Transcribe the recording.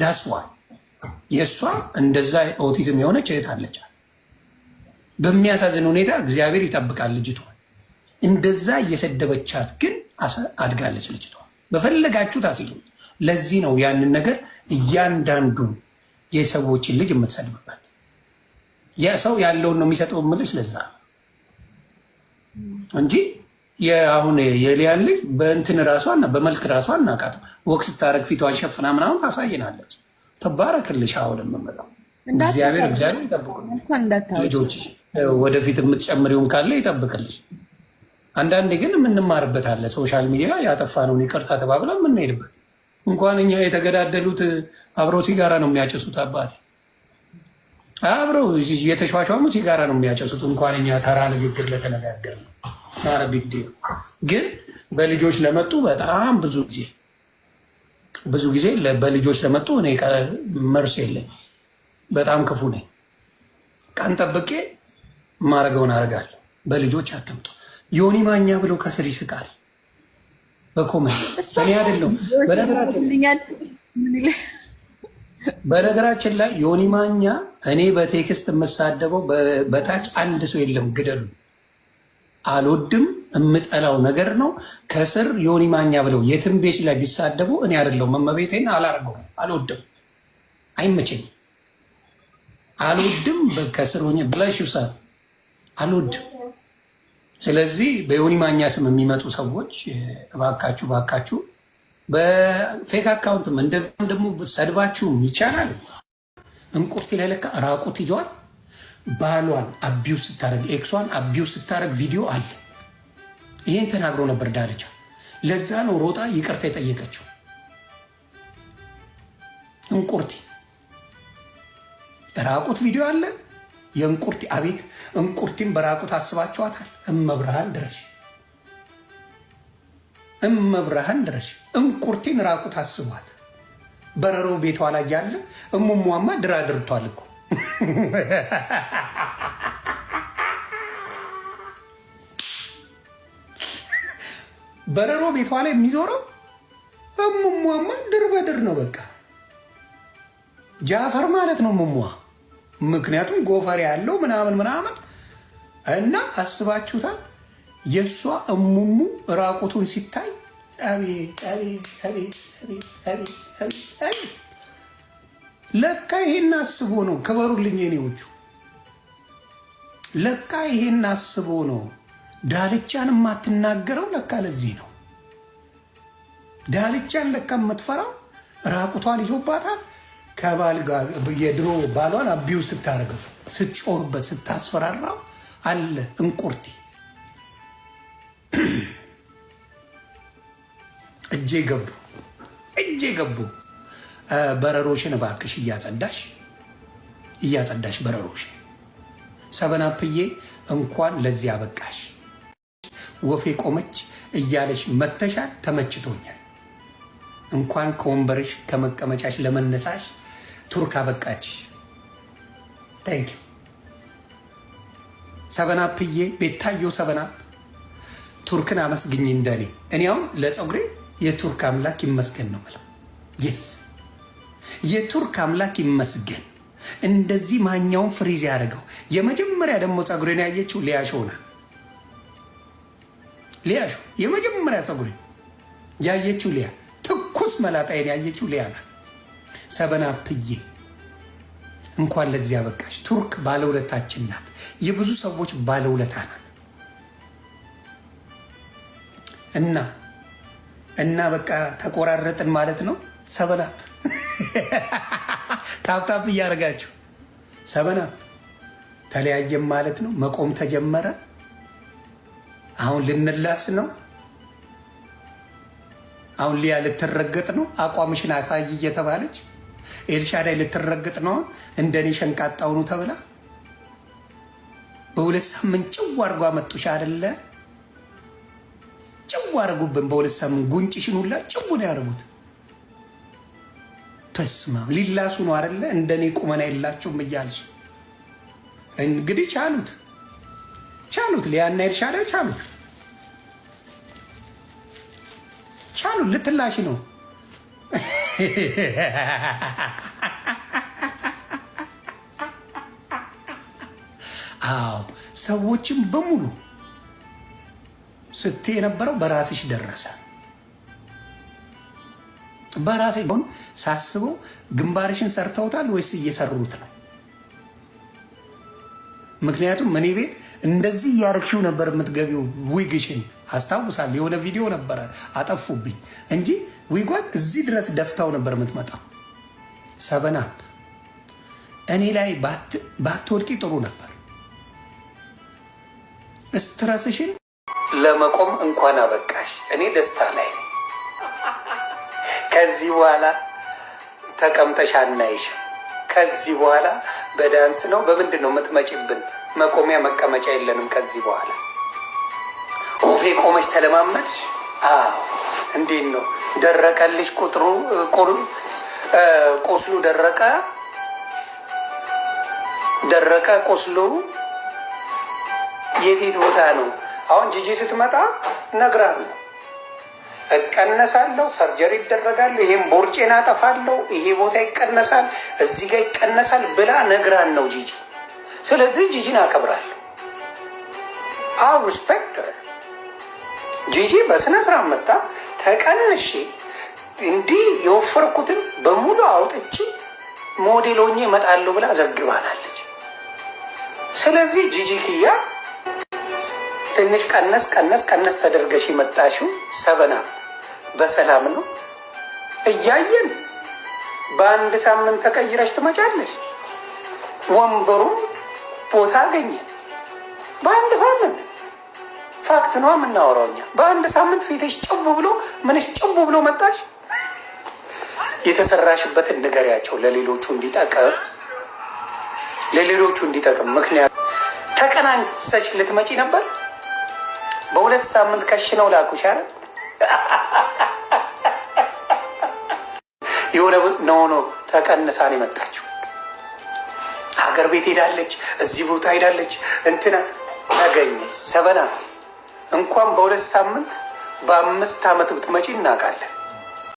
ዳስ ዋይ የእሷ እንደዛ ኦቲዝም የሆነች እህት አለቻት። በሚያሳዝን ሁኔታ እግዚአብሔር ይጠብቃል። ልጅቷ እንደዛ እየሰደበቻት ግን አድጋለች። ልጅቷ በፈለጋችሁ ታስይዙ። ለዚህ ነው ያንን ነገር እያንዳንዱ የሰዎችን ልጅ የምትሰድብበት። ሰው ያለውን ነው የሚሰጠው ምልስ ለዛ እንጂ የአሁን የሊያን ልጅ በእንትን ራሷ በመልክ ራሷ አናቃትም። ወቅ ስታደረግ ፊቷን ሸፍና ምናምን ታሳይናለች። ትባረክልሽ። አሁን የምመጣው እግዚአብሔር እግዚአብሔር ይጠብቅልሽ። ወደፊት የምትጨምሪውን ካለ ይጠብቅልሽ። አንዳንዴ ግን የምንማርበት አለ። ሶሻል ሚዲያ ያጠፋነውን ይቅርታ ተባብለ የምንሄድበት እንኳን እኛ የተገዳደሉት አብረው ሲጋራ ነው የሚያጨሱት። አባት አብረው የተሿሿሙ ሲጋራ ነው የሚያጨሱት። እንኳን እኛ ተራ ንግግር ለተነጋገር ነው ሳረቢግዴ ግን በልጆች ለመጡ በጣም ብዙ ጊዜ ብዙ ጊዜ በልጆች ለመጡ እኔ መርስ የለኝ። በጣም ክፉ ነኝ። ቀን ጠብቄ ማድረገውን አረጋለሁ። በልጆች አትምጡ። ዮኒ ማኛ ብሎ ከስር ይስቃል በኮመን እኔ አይደለሁም። በነገራችን ላይ ዮኒ ማኛ እኔ በቴክስት የምሳደበው በታች አንድ ሰው የለም ግደሉ አልወድም የምጠላው ነገር ነው። ከስር ዮኒ ማኛ ብለው የትም ቤት ላይ ቢሳደቡ እኔ አደለው መመቤቴን አላደርገውም። አልወድም፣ አይመቸኝም፣ አልወድም ከስር ሆኜ ብላሽ ይብሳል አልወድም። ስለዚህ በዮኒ ማኛ ስም የሚመጡ ሰዎች እባካችሁ እባካችሁ በፌክ አካውንትም እንደም ደግሞ ሰድባችሁም ይቻላል። እንቁርት ላይ ለካ ራቁት ይዘዋል። ባሏን አቢው ስታደረግ ኤክሷን አቢው ስታደረግ ቪዲዮ አለ። ይህን ተናግሮ ነበር ዳርቻ። ለዛ ነው ሮጣ ይቅርታ የጠየቀችው። እንቁርቲ ራቁት ቪዲዮ አለ። የእንቁርቲ አቤት እንቁርቲን በራቁት አስባችኋታል? እመብርሃን ድረሽ፣ እመብርሃን ድረሽ። እንቁርቲን ራቁት አስቧት። በረሮ ቤቷ ላይ ያለ እሙሟማ ድራ ድርቷል እኮ በረሮ ቤቷ ላይ የሚዞረው እሙሟማ ድር በድር ነው። በቃ ጃፈር ማለት ነው እሙሟ። ምክንያቱም ጎፈር ያለው ምናምን ምናምን እና አስባችሁታል። የእሷ እሙሙ ራቁቱን ሲታይ አቤት አቤት አቤት አቤት አቤት አቤት ለካ ይሄን አስቦ ነው። ክበሩልኝ የኔዎቹ። ለካ ይሄን አስቦ ነው። ዳልቻን የማትናገረው ለካ ለዚህ ነው። ዳልቻን ለካ የምትፈራው ራቁቷን ይዞባታል ከባል ጋር የድሮ ባሏን አቢው ስታደርገው፣ ስትጮህበት፣ ስታስፈራራው አለ እንቁርቲ እጄ ገቡ እጄ ገቡ በረሮሽን እባክሽ እያጸዳሽ እያጸዳሽ በረሮሽ ሰበናፕዬ እንኳን ለዚህ አበቃሽ። ወፌ ቆመች እያለሽ መተሻ ተመችቶኛል። እንኳን ከወንበርሽ ከመቀመጫሽ ለመነሳሽ ቱርክ አበቃች። ታንክ ዩ ሰበናፕዬ ቤታዮ ሰበናፕ ቱርክን አመስግኝ እንደኔ እኔ አሁን ለፀጉሬ የቱርክ አምላክ ይመስገን ነው የምለው የስ የቱርክ አምላክ ይመስገን እንደዚህ ማኛውን ፍሪዝ ያደረገው። የመጀመሪያ ደግሞ ፀጉሬን ያየችው ሊያሾ ሊያሾ የመጀመሪያ ፀጉሬን ያየችው ሊያ ትኩስ መላጣዬን ያየችው ሊያ ናት። ሰበና ፕዬ እንኳን ለዚህ ያበቃች። ቱርክ ባለውለታችን ናት። የብዙ ሰዎች ባለውለታ ናት እና እና በቃ ተቆራረጥን ማለት ነው ሰበናት ታፕታፕ እያደረጋችሁ ሰበና ተለያየም ማለት ነው። መቆም ተጀመረ። አሁን ልንላስ ነው። አሁን ሊያ ልትረገጥ ነው። አቋምሽን አሳይ እየተባለች ኤልሻዳይ ልትረገጥ ነው። እንደኔ ሸንቃጣውኑ ተብላ በሁለት ሳምንት ጭው አድርጓ መጡሽ አደለ? ጭው አድርጉብን። በሁለት ሳምንት ጉንጭሽን ሁላ ጭው ነው ያደርጉት። ተስማ ሊላሱ ነው አይደለ? እንደኔ ቁመና የላችሁም እያልሽ እንግዲህ ቻሉት ቻሉት ሊያና ኤልሻዳ ቻሉት ቻሉት። ልትላሽ ነው አዎ። ሰዎችም በሙሉ ስትይ የነበረው በራስሽ ደረሰ። በራሴ ሆን ሳስበው ግንባርሽን ሰርተውታል ወይስ እየሰሩት ነው? ምክንያቱም እኔ ቤት እንደዚህ እያረግሽው ነበር የምትገቢው ዊግሽን አስታውሳል። የሆነ ቪዲዮ ነበረ አጠፉብኝ እንጂ ዊጓን እዚህ ድረስ ደፍታው ነበር የምትመጣው። ሰበና እኔ ላይ ባትወድቂ ጥሩ ነበር። ስትረስሽን ለመቆም እንኳን አበቃሽ። እኔ ደስታ ላይ ከዚህ በኋላ ተቀምጠሽ አናይሽ። ከዚህ በኋላ በዳንስ ነው በምንድን ነው የምትመጪብን? መቆሚያ መቀመጫ የለንም ከዚህ በኋላ። ኦፌ ቆመች ተለማመድሽ። እንዴት ነው ደረቀልሽ? ቁጥሩ ቁስሉ ደረቀ ደረቀ ቆስሉ። የት ቦታ ነው አሁን? ጂጂ ስትመጣ ነግራለሁ። እቀነሳለሁ፣ ሰርጀሪ ይደረጋል፣ ይሄም ቦርጬን አጠፋለሁ፣ ይሄ ቦታ ይቀነሳል፣ እዚህ ጋር ይቀነሳል ብላ ነግራን ነው ጂጂ። ስለዚህ ጂጂን አከብራለሁ። አው ሪስፔክት ጂጂ በስነ ስራ መጣ። ተቀንሽ እንዲህ የወፈርኩትን በሙሉ አውጥቼ ሞዴል ሆኜ እመጣለሁ ብላ ዘግባናለች። ስለዚህ ጂጂ ክያ ትንሽ ቀነስ ቀነስ ቀነስ ተደርገሽ መጣሽው ሰበና በሰላም ነው እያየን በአንድ ሳምንት ተቀይረሽ ትመጫለሽ። ወንበሩም ቦታ አገኘ በአንድ ሳምንት። ፋክት ነው የምናወራው እኛ። በአንድ ሳምንት ፊትሽ ጭቡ ብሎ ምንሽ ጭቡ ብሎ መጣሽ። የተሰራሽበትን ንገሪያቸው ለሌሎቹ እንዲጠቅም ለሌሎቹ እንዲጠቅም ምክንያቱ ተቀናንሰሽ ልትመጪ ነበር። በሁለት ሳምንት ከሽ ነው ላኩሽ። አረ የሆነ ነው ተቀንሳን የመጣችው ሀገር ቤት ሄዳለች፣ እዚህ ቦታ ሄዳለች። እንትና ተገኘ ሰበና እንኳን በሁለት ሳምንት በአምስት ዓመት ብትመጪ እናውቃለን።